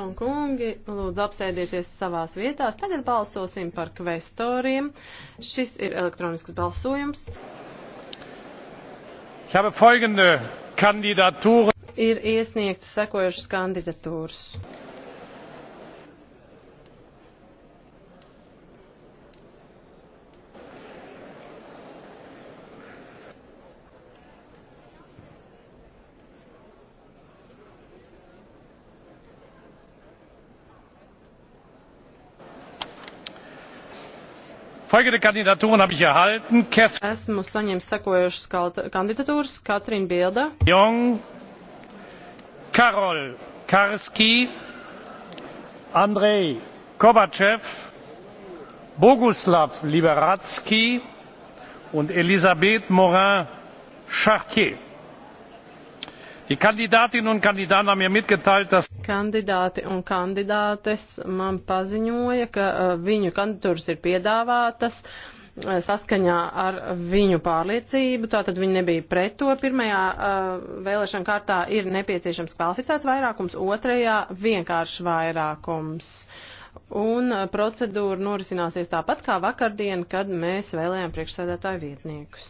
un kungi, lūdzu apsēdieties savās vietās. Tagad balsosim par kvestoriem. Šis ir elektronisks balsojums. Ir iesniegts sekojušas kandidatūras. folgende kandidaturen habe ich erhalten esmu saņēmis sekojošas kandidatūras katrīna bilde jong karol karski andrej kovačev boguslav liberadzki und elisabeth morin chartier. die kandidatinnen und kandidaten haben mir mitgeteilt dass Kandidāti un kandidātes man paziņoja, ka uh, viņu kandidatūras ir piedāvātas uh, saskaņā ar viņu pārliecību, tātad viņi nebija pret to. Pirmajā uh, vēlēšana kārtā ir nepieciešams kvalificēts vairākums, otrajā vienkārši vairākums. Un uh, procedūra norisināsies tāpat kā vakardien, kad mēs vēlējām priekšsēdētāju vietniekus.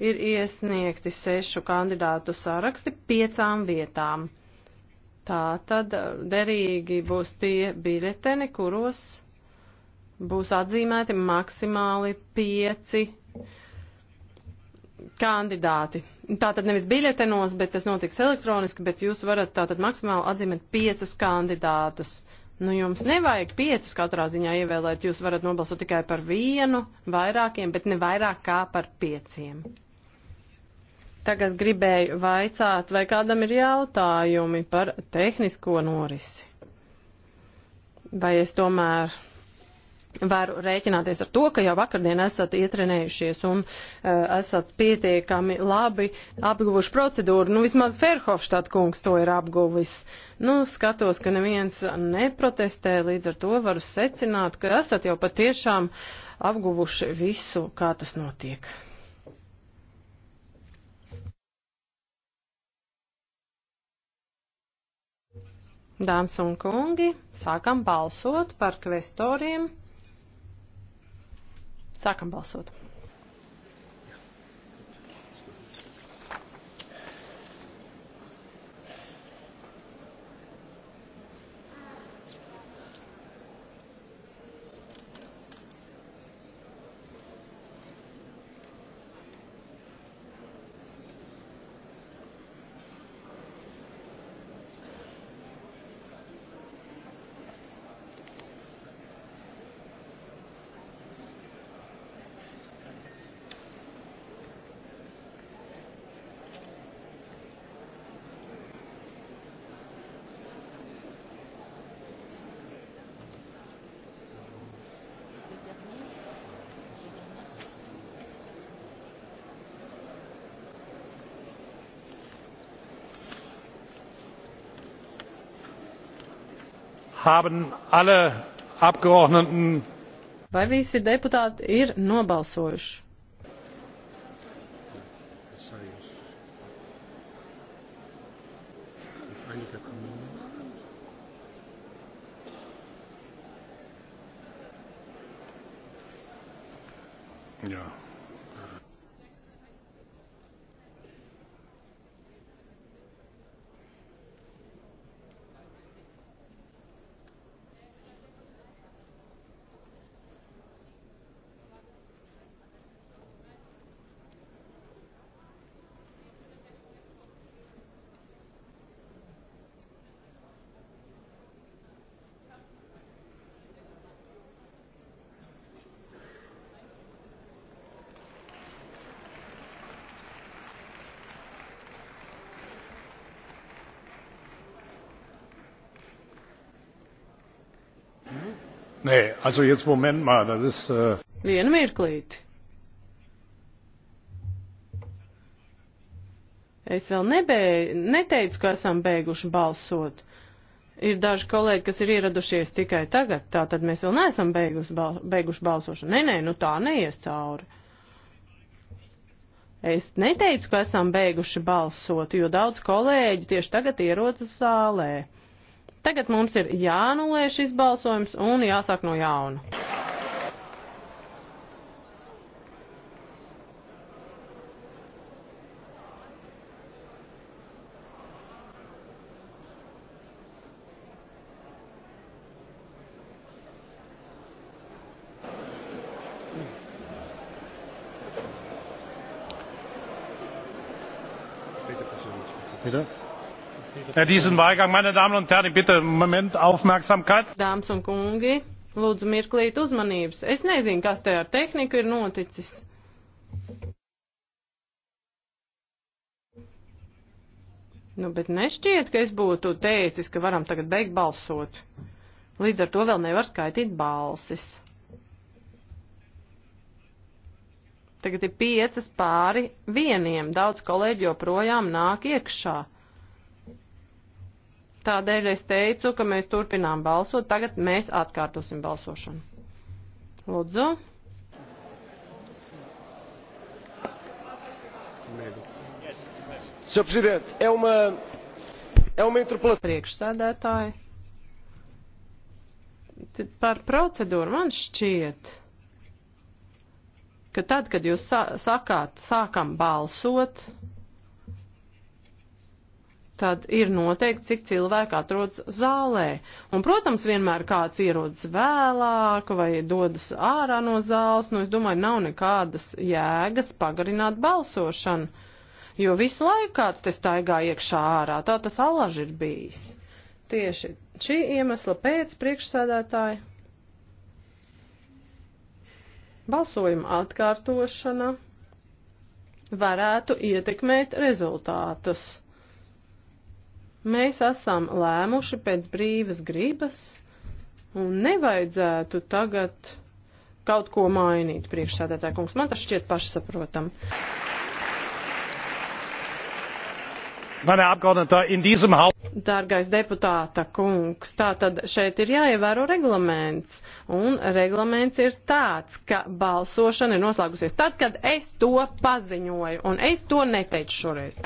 Ir iesniegti sešu kandidātu saraksti piecām vietām. Tā tad eh, derīgi būs tie biļeteni, kuros būs atzīmēti maksimāli pieci kandidāti. Tātad nevis biļetenos, bet tas notiks elektroniski, bet jūs varat tātad maksimāli atzīmēt piecus kandidātus. Nu, jums nevajag piecus katrā ziņā ievēlēt, jūs varat nobalsot tikai par vienu, vairākiem, bet ne vairāk kā par pieciem. Tagad gribēju vaicāt, vai kādam ir jautājumi par tehnisko norisi. Vai es tomēr varu rēķināties ar to, ka jau vakardien esat ietrenējušies un uh, esat pietiekami labi apguvuši procedūru. Nu, vismaz Ferhofštāt kungs to ir apguvis. Nu, skatos, ka neviens neprotestē, līdz ar to varu secināt, ka esat jau patiešām apguvuši visu, kā tas notiek. Dāmas un kungi, sākam balsot par kvestoriem. Sākam balsot. haben alle Abgeordneten. Vai visi deputāti ir nobalsojuši? Ja. Nē, also jetzt moment mal, das ist. Uh... Äh, Vienu mirklīti. Es vēl nebēju, neteicu, ka esam beiguši balsot. Ir daži kolēģi, kas ir ieradušies tikai tagad, tā tad mēs vēl neesam beigus, bal, beiguši balsošanu. Nē, nē, nu tā neies cauri. Es neteicu, ka esam beiguši balsot, jo daudz kolēģi tieši tagad ierodas zālē. Tagad mums ir jānulē šis balsojums un jāsāk no jauna. Bitte? Äh, diesen Wahlgang. Meine Damen und Herren, ich bitte einen Moment Aufmerksamkeit. Dāmas un kungi, lūdzu mirklīt uzmanības. Es nezinu, kas te ar tehniku ir noticis. Nu, bet nešķiet, ka es būtu teicis, ka varam tagad beigt balsot. Līdz ar to vēl nevar skaitīt balsis. Tagad ir piecas pāri vieniem. Daudz kolēģi joprojām nāk iekšā. Tādēļ es teicu, ka mēs turpinām balsot. Tagad mēs atkārtosim balsošanu. Lūdzu. Sr. Presidente, é uma, é uma interpelação. Priekšsēdētāji. Par procedūru man šķiet, ka tad, kad jūs sakāt, sākam balsot, tad ir noteikti, cik cilvēki atrodas zālē. Un, protams, vienmēr kāds ierodas vēlāk vai dodas ārā no zāles, nu, es domāju, nav nekādas jēgas pagarināt balsošanu, jo visu laiku kāds te staigā iekšā ārā, tā tas alaži ir bijis. Tieši šī iemesla pēc priekšsēdētāji balsojuma atkārtošana varētu ietekmēt rezultātus. Mēs esam lēmuši pēc brīvas gribas un nevajadzētu tagad kaut ko mainīt priekšsādātāja kungs. Man tas šķiet pašsaprotam. Dārgais deputāta kungs, tā tad šeit ir jāievēro reglaments, un reglaments ir tāds, ka balsošana ir noslēgusies tad, kad es to paziņoju, un es to neteicu šoreiz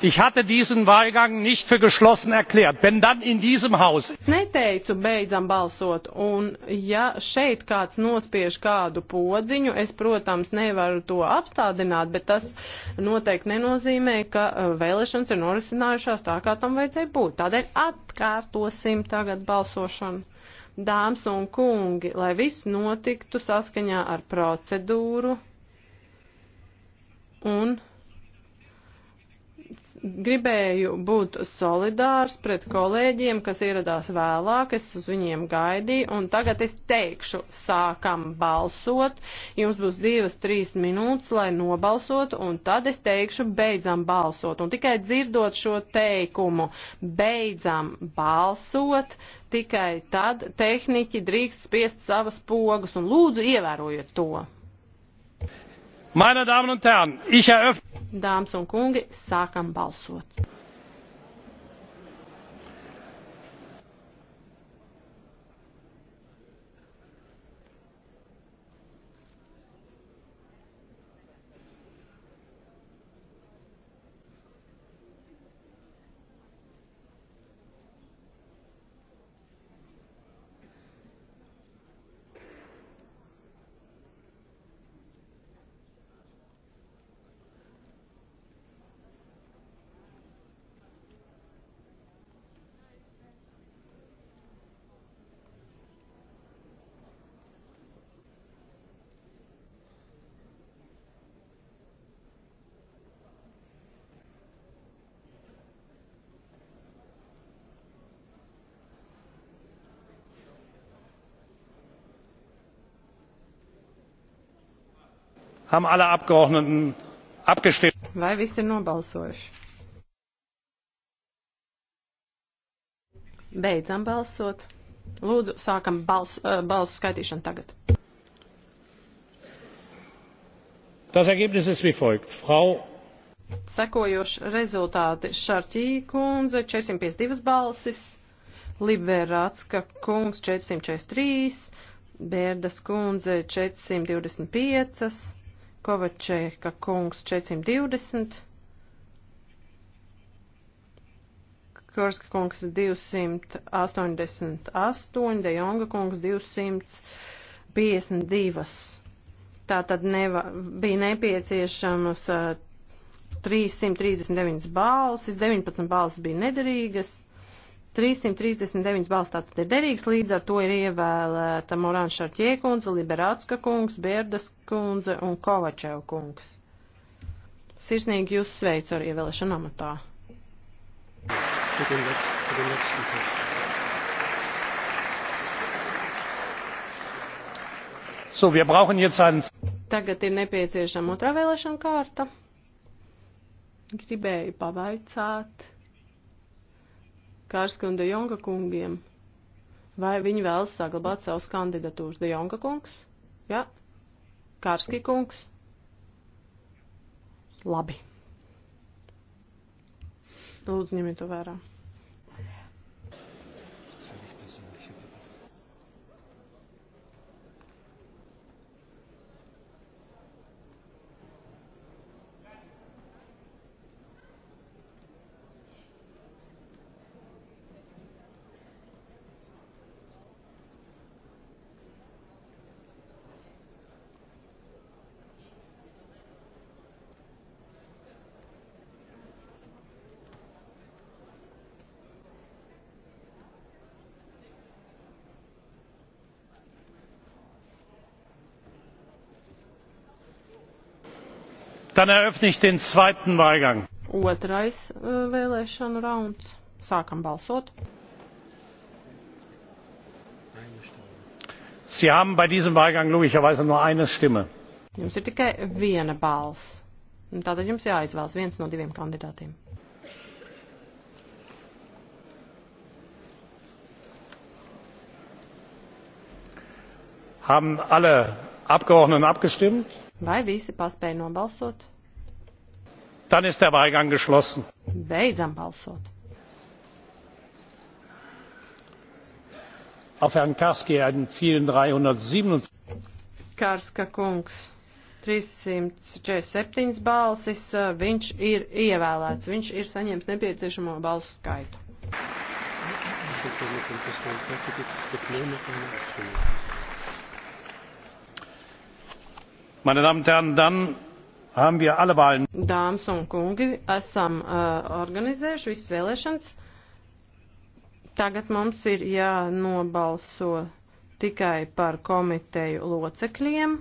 ich hatte diesen wahlgang nicht für geschlossen erklärt. wenn dann in diesem haus. es neteicu beidzam balsot un ja šeit kāds nospiež kādu podziņu es protams nevaru to apstādināt bet tas noteikti nenozīmē ka e, vēlēšanas ir norisinājušās tā kā tam vajadzēja būt. tādēļ atkārtosim tagad balsošanu. Dāmas un kungi, lai viss notiktu saskaņā ar procedūru un gribēju būt solidārs pret kolēģiem, kas ieradās vēlāk, es uz viņiem gaidīju, un tagad es teikšu, sākam balsot, jums būs divas, trīs minūtes, lai nobalsotu, un tad es teikšu, beidzam balsot, un tikai dzirdot šo teikumu, beidzam balsot, tikai tad tehniķi drīkst spiest savas pogas, un lūdzu ievērojiet to. Meine Damen und Herren, ich eröffne. Dāmas un kungi, sākam balsot. haben alle abgeordneten abgestimmt? vai visi ir nobalsojuši? beidzam balsot. lūdzu sākam balsu, eh, balsu skaitīšanu tagad. das ergebnis ist wie folgt frau Sekojoši rezultāti Šarķī kundze 452 balsis, Liberācka kungs 443, Bērdas kundze 425, Kovačēka kungs 420, Korska kungs 288, De Jonga kungs 252. Tā tad neva, bija nepieciešamas 339 balsis, 19 balsis bija nederīgas, 339 balsts tātad ir derīgs, līdz ar to ir ievēlēta Morāna Šarķie kundze, Liberācka kungs, Bierdas kundze un Kovačev kungs. Sirsnīgi jūs sveicu ar ievēlēšanu amatā. So, wir brauchen jetzt einen. Tagad ir nepieciešama otrā vēlēšana kārta. Gribēju pavaicāt. Kārskunda Jonga kungiem. Vai viņi vēlas saglabāt savus kandidatūrus? De Jonga kungs? Jā. Ja? Kārski kungs? Labi. Lūdzu, ņemiet to vērā. Dann eröffne ich den zweiten Wahlgang. Otrais äh, vēlēšanu rauns. Sākam balsot. Sie haben bei diesem Wahlgang logischerweise nur eine Stimme. Jums ir tikai viena balss. Tātad jums jāizvēlas viens no diviem kandidātiem. Haben alle Abgeordneten abgestimmt? Vai visi paspēja nobalsot? Dann ist der Wahlgang geschlossen. Beidzam balsot. Auf Herrn Karski einen vielen 307. Karska kungs. 347 balsis, eh, viņš ir ievēlēts, viņš ir saņēmis nepieciešamo balsu skaitu meine damen und herren dann haben wir alle wahlen dāmas un kungi esam uh, organizējuši visas vēlēšanas tagad mums ir jānobalso tikai par komiteju locekļiem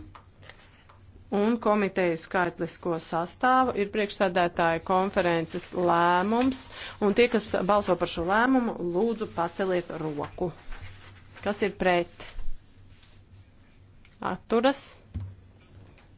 un komiteju skaitlisko sastāvu ir priekšsēdētāja konferences lēmums un tie kas balso par šo lēmumu lūdzu paceliet roku kas ir pret atturas